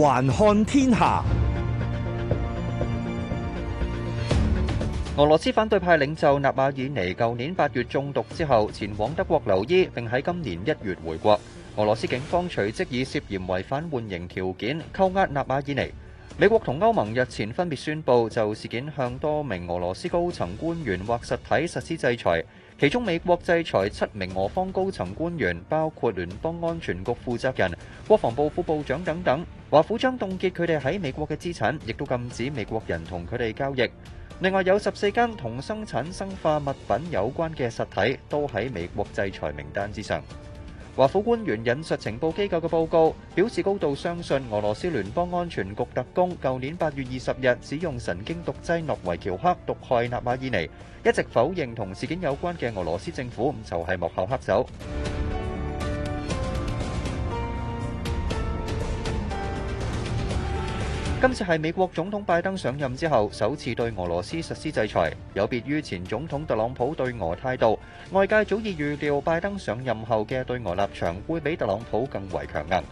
環看天下。俄羅斯反對派領袖納瓦爾尼舊年八月中毒之後，前往德國留醫，並喺今年一月回國。俄羅斯警方隨即以涉嫌違反緩刑條件扣押納瓦爾尼。美國同歐盟日前分別宣布就事件向多名俄羅斯高層官員或實體實施制裁，其中美國制裁七名俄方高層官員，包括聯邦安全局負責人、國防部副部長等等。華府將凍結佢哋喺美國嘅資產，亦都禁止美國人同佢哋交易。另外有十四間同生產生化物品有關嘅實體都喺美國制裁名單之上。華府官員引述情報機構嘅報告，表示高度相信俄羅斯聯邦安全局特工，舊年八月二十日使用神經毒劑諾維喬克毒害納瓦爾尼，一直否認同事件有關嘅俄羅斯政府就係幕後黑手。今次係美國總統拜登上任之後首次對俄羅斯實施制裁，有別於前總統特朗普對俄態度，外界早已預料拜登上任後嘅對俄立場會比特朗普更為強硬。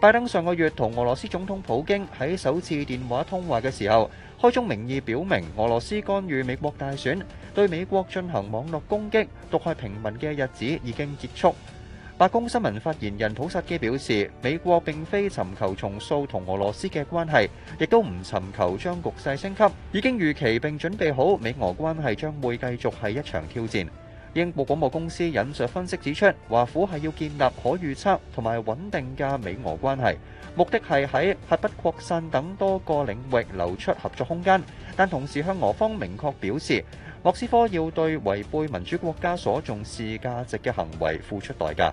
拜登上個月同俄羅斯總統普京喺首次電話通話嘅時候，開宗明義表明俄羅斯干預美國大選、對美國進行網絡攻擊、毒害平民嘅日子已經結束。白宮新聞發言人普薩基表示，美國並非尋求重塑同俄羅斯嘅關係，亦都唔尋求將局勢升級。已經預期並準備好，美俄關係將會繼續係一場挑戰。英國廣播公司引述分析指出，華府係要建立可預測同埋穩定嘅美俄關係，目的係喺核不擴散等多個領域留出合作空間，但同時向俄方明確表示，莫斯科要對違背民主國家所重視價值嘅行為付出代價。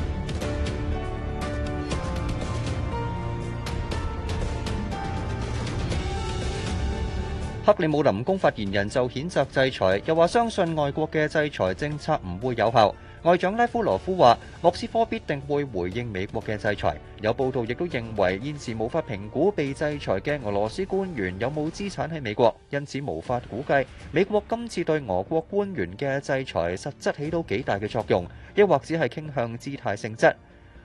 克里姆林宮發言人就譴責制裁，又話相信外國嘅制裁政策唔會有效。外長拉夫羅夫話，莫斯科必定會回應美國嘅制裁。有報道亦都認為，現時無法評估被制裁嘅俄羅斯官員有冇資產喺美國，因此無法估計美國今次對俄國官員嘅制裁實質起到幾大嘅作用，抑或只係傾向姿態性質。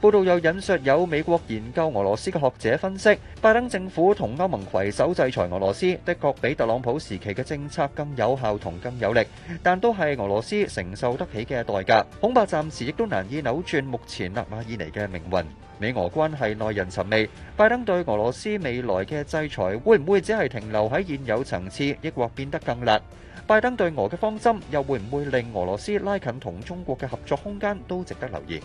報道又引述有美國研究俄羅斯嘅學者分析，拜登政府同歐盟攜手制裁俄羅斯，的確比特朗普時期嘅政策更有效同更有力，但都係俄羅斯承受得起嘅代價。恐怕暫時亦都難以扭轉目前納瓦爾尼嘅命運。美俄關係耐人尋味，拜登對俄羅斯未來嘅制裁會唔會只係停留喺現有層次，抑或變得更辣？拜登對俄嘅方針又會唔會令俄羅斯拉近同中國嘅合作空間？都值得留意。